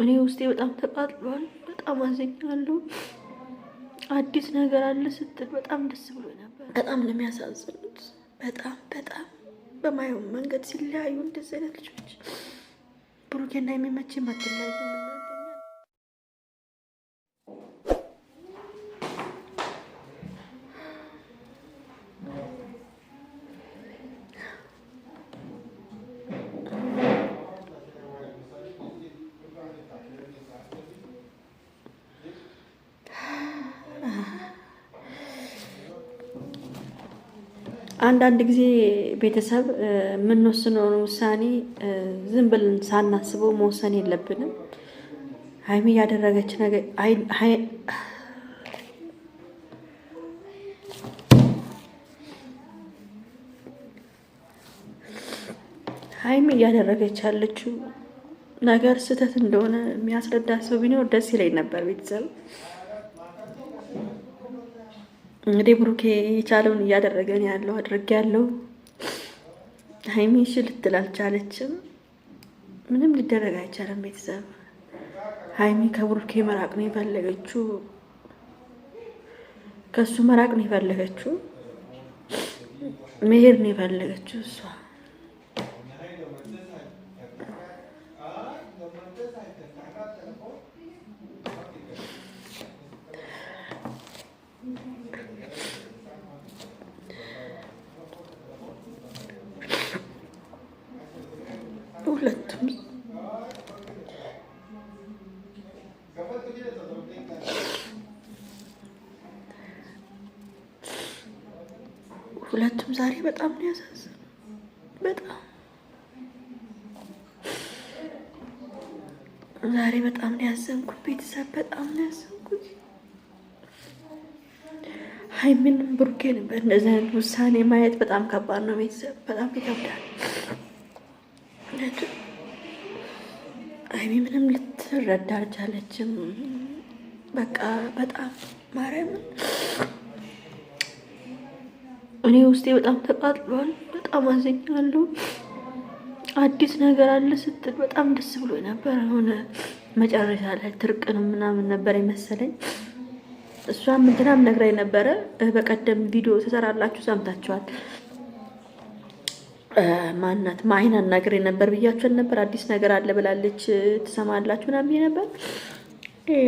እኔ ውስጤ በጣም ተቃጥሏል። በጣም አዝኛለሁ። አዲስ ነገር አለ ስትል በጣም ደስ ብሎ ነበር። በጣም ለሚያሳዝኑት በጣም በጣም በማየው መንገድ ሲለያዩ እንደዚህ አይነት ልጆች ብሩኬና የሚመች ማትለያዩ አንዳንድ ጊዜ ቤተሰብ የምንወስነውን ውሳኔ ዝም ብለን ሳናስበው መወሰን የለብንም። ሀይሚ ያደረገች ሀይሚ እያደረገች ያለችው ነገር ስህተት እንደሆነ የሚያስረዳ ሰው ቢኖር ደስ ይለኝ ነበር ቤተሰብ እንግዲህ ብሩኬ የቻለውን እያደረገን ያለው አድርግ ያለው ሀይሚ እሺ ልትል አልቻለችም። ምንም ሊደረግ አይቻልም። ቤተሰብ ሀይሚ ከብሩኬ መራቅ ነው የፈለገችው፣ ከእሱ መራቅ ነው የፈለገችው፣ መሄድ ነው የፈለገችው እሷ ሁለቱም ሁለቱም ዛሬ በጣም ነው ያሳዝነው። በጣም ዛሬ በጣም ነው ያዘንኩት። ቤተሰብ በጣም ነው ያዘንኩት። ሀይሚንም ብሩኬን በእንደዚህ አይነት ውሳኔ ማየት በጣም ከባድ ነው። ቤተሰብ በጣም ይከብዳል። ሀይሚ ምንም ልትረዳ አልቻለችም። በቃ በጣም ማርያምን እኔ ውስጤ በጣም ተቃጥሏል። በጣም አዘኛለሁ። አዲስ ነገር አለ ስትል በጣም ደስ ብሎ ነበር። ሆነ መጨረሻ ላይ ትርቅን ምናምን ነበር የመሰለኝ። እሷም ምንትናም ነግራኝ ነበረ። በቀደም ቪዲዮ ተሰራላችሁ ሰምታችኋል። ማናት ማይን አናገር ነበር ብያቸውን ነበር። አዲስ ነገር አለ ብላለች ትሰማላችሁ ምናምን ነበር።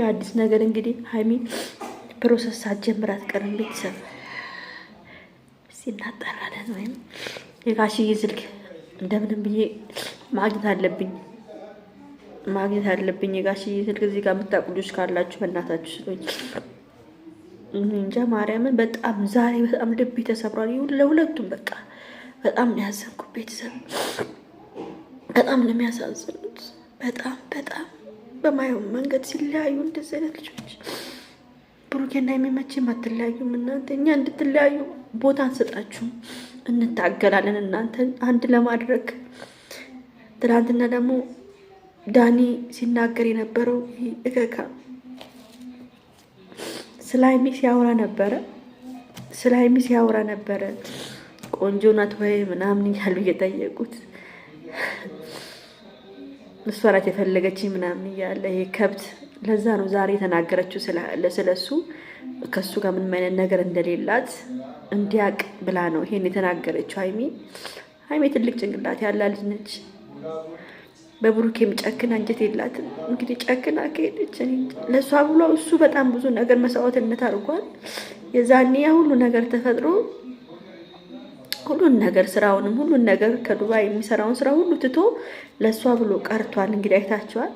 አዲስ ነገር እንግዲህ ሀይሚ ፕሮሰስ ሳትጀምር አትቀርም። ቤተሰብ ሲናጠራለን ወይም የጋሽዬ ስልክ እንደምንም ብዬ ማግኘት አለብኝ ማግኘት አለብኝ። የጋሽዬ ስልክ እዚህ ጋር የምታውቁ ልጆች ካላችሁ በእናታችሁ ስሎኝ እንጃ ማርያምን፣ በጣም ዛሬ በጣም ልቤ ተሰብሯል። ለሁለቱም በቃ በጣም ነው ያዘንኩት። ቤተሰብ በጣም ነው የሚያሳዝኑት። በጣም በጣም በማየው መንገድ ሲለያዩ እንደዚህ አይነት ልጆች ብሩኬና የሚመችም አትለያዩም። እናንተ እኛ እንድትለያዩ ቦታ አንሰጣችሁም፣ እንታገላለን እናንተ አንድ ለማድረግ። ትናንትና ደግሞ ዳኒ ሲናገር የነበረው እከካ ስለ ሀይሚ ሲያወራ ነበረ ስለ ሀይሚ ሲያወራ ነበረ ቆንጆ ናት ወይ ምናምን እያሉ እየጠየቁት እሷ ናት የፈለገችኝ ምናምን እያለ ይሄ ከብት። ለዛ ነው ዛሬ የተናገረችው ስለ ስለሱ ከሱ ጋር ምንም አይነት ነገር እንደሌላት እንዲያቅ ብላ ነው ይሄን የተናገረችው። ሀይሚ ሀይሚ ትልቅ ጭንቅላት ያላት ልጅ ነች። በብሩኬም ጨክና እንጀት የላትም። እንግዲህ ጨክና ከሄደች ለእሷ ብሎ እሱ በጣም ብዙ ነገር መስዋዕትነት አድርጓል። የዛኔ ያ ሁሉ ነገር ተፈጥሮ ሁሉን ነገር ስራውንም ሁሉን ነገር ከዱባይ የሚሰራውን ስራ ሁሉ ትቶ ለእሷ ብሎ ቀርቷል። እንግዲህ አይታችኋል።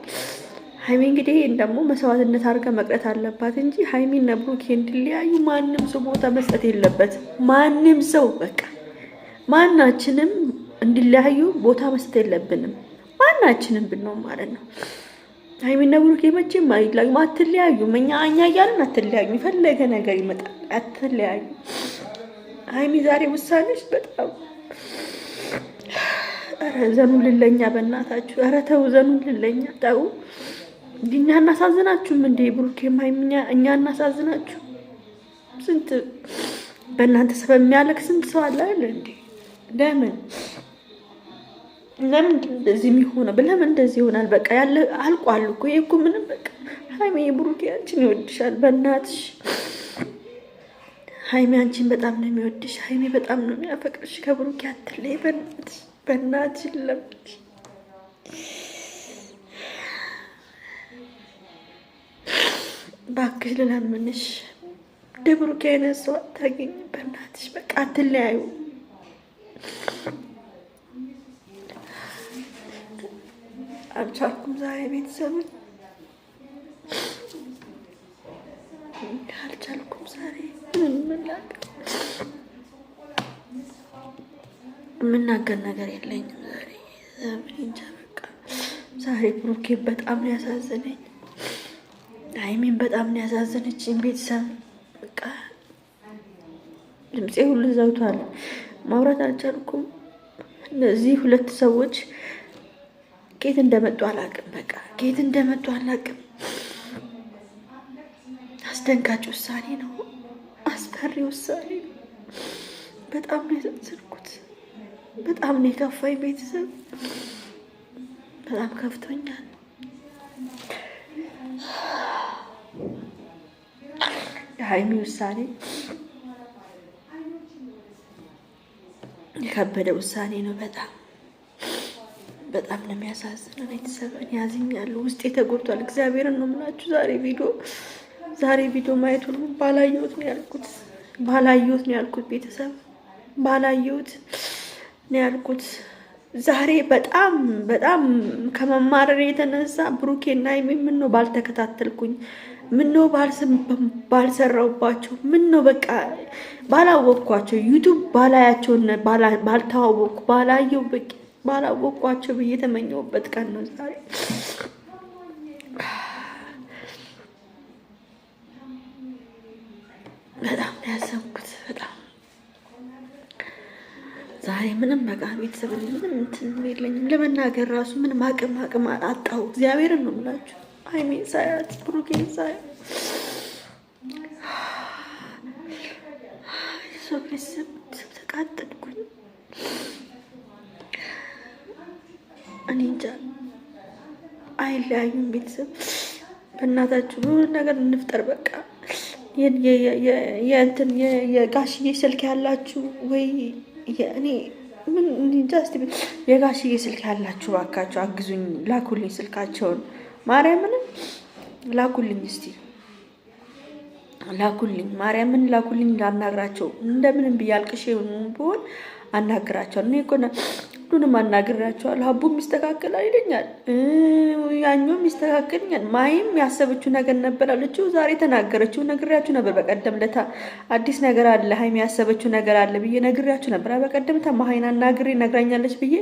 ሀይሚ እንግዲህ ይህን ደግሞ መስዋዕትነት አድርጋ መቅረት አለባት እንጂ ሀይሚና ብሩኬ እንዲለያዩ ማንም ሰው ቦታ መስጠት የለበትም። ማንም ሰው በቃ ማናችንም እንዲለያዩ ቦታ መስጠት የለብንም። ማናችንም ብንሆን ማለት ነው። ሀይሚና ብሩኬ መቼም አይለያዩም። አትለያዩም። እኛ እኛ እያልን አትለያዩም። የፈለገ ነገር ይመጣል። አትለያዩም። ሀይሚ ዛሬ ውሳኔሽ በጣም ኧረ ዘኑልለኛ፣ በእናታችሁ ኧረ ተው ዘኑልለኛ። ተው እኛ እናሳዝናችሁም እንዴ? ብሩኬ ሀይሚ እኛ እናሳዝናችሁ? ስንት በእናንተ ሰበብ የሚያለቅ ስንት ሰው አለ አይደል እንዴ? ለምን ለምን እንደዚህ የሚሆነው? ለምን እንደዚህ ይሆናል? በቃ ያለ አልቋል እኮ ይሄ እኮ ምንም በቃ ሀይሚ ብሩኬ አንቺን ይወድሻል በእናትሽ ሀይሜ አንቺን በጣም ነው የሚወድሽ። ሀይሜ በጣም ነው የሚያፈቅርሽ። ከብሩኬ አትለይ፣ በእናትሽ በእናትሽ ለምንሽ። ባክሽ ልለምንሽ፣ ደብሩኬ አይነት ሰው አታገኝ፣ በእናትሽ በቃ አትለያዩ። አልቻልኩም ዛሬ ቤተሰብን አልቻልኩም ዛሬ የምናገር ነገር የለኝም ዛሬ። እንጃ በጣም ነው ያሳዘነኝ። ሀይሜን በጣም ነው ያሳዘነችኝ። ቤተሰብ በቃ ድምፄ ሁሉ ዘውቷል። ማውራት አልቻልኩም። እነዚህ ሁለት ሰዎች ኬት እንደመጡ አላቅም በቃ ኬት እንደመጡ አላቅም አስደንጋጭ ውሳኔ ነው። አስፈሪ ውሳኔ ነው። በጣም ነው ያዘንኩት። በጣም ነው የከፋኝ። ቤተሰብ በጣም ከፍቶኛል። የሀይሚ ውሳኔ የከበደ ውሳኔ ነው። በጣም በጣም ነው የሚያሳዝነው። ቤተሰብን ያዝኛለሁ፣ ውስጤ ተጎድቷል። እግዚአብሔርን ነው የምላችሁ። ዛሬ ቪዲዮ ዛሬ ቪዲዮ ማየቱን ባላየሁት ነው ያልኩት። ባላየሁት ነው ያልኩት። ቤተሰብ ባላየሁት ነው ያልኩት። ዛሬ በጣም በጣም ከመማረር የተነሳ ብሩኬና ሀይሚ ምን ነው ባልተከታተልኩኝ፣ ምን ነው ባልሰራውባቸው፣ ምን ነው በቃ ባላወቅኳቸው፣ ዩቱብ ባላያቸው፣ ባልተዋወቅኩ፣ ባላየው፣ ባላወቅኳቸው ብዬ የተመኘሁበት ቀን ነው ዛሬ። አይ ምንም በቃ ቤተሰብ ምንም እንትን የለኝም ለመናገር ራሱ ምንም አቅም አቅም አጣሁ። እግዚአብሔርን ነው የምላችሁ። ሀይሚ ሳያት ብሩኬን ሳያ ሰው ቤተሰብ ተቃጠልኩኝ። እኔ እንጃ አይለያዩም። ቤተሰብ በእናታችሁ ሁሉ ነገር እንፍጠር በቃ የእንትን የጋሽዬ ስልክ ያላችሁ ወይ እኔ ምን እንጃ። እስኪ የጋሽዬ ስልክ ያላችሁ እባካችሁ አግዙኝ፣ ላኩልኝ ስልካቸውን፣ ማርያምን ላኩልኝ፣ እስቲ ላኩልኝ፣ ማርያምን ላኩልኝ፣ ላናግራቸው። እንደምንም ብዬ አልቅሼ ብሆን አናግራቸዋለሁ እኔ ሁሉንም አናግሬያቸዋለሁ። ሀቡም ይስተካከላል ይለኛል፣ ያኛውም ይስተካከልኛል። ማይም ያሰበችው ነገር ነበር አለችው፣ ዛሬ ተናገረችው። ነግሬያችሁ ነበር በቀደም ለታ አዲስ ነገር አለ ሀይም ያሰበችው ነገር አለ ብዬ ነግሬያችሁ ነበር። በቀደምታ ማሀይን አናግሬ ነግራኛለች ብዬ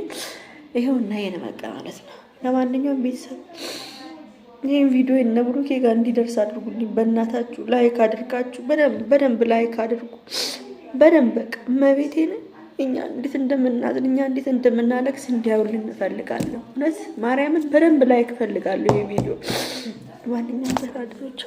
ይኸው እና ይሄን መጣ ማለት ነው። ለማንኛውም ቤተሰብ ይህን ቪዲዮ ነብሩኬ ጋር እንዲደርስ አድርጉልኝ በእናታችሁ። ላይክ አድርጋችሁ በደንብ በደንብ ላይክ አድርጉ በደንብ በቃ መቤቴን እኛ እንዴት እንደምናዝን እኛ እንዴት እንደምናለቅስ እንዲያውልን እንፈልጋለሁ። እውነት ማርያምን በደንብ ላይክ እፈልጋለሁ። የቪዲዮ ማንኛውም ተካድሮች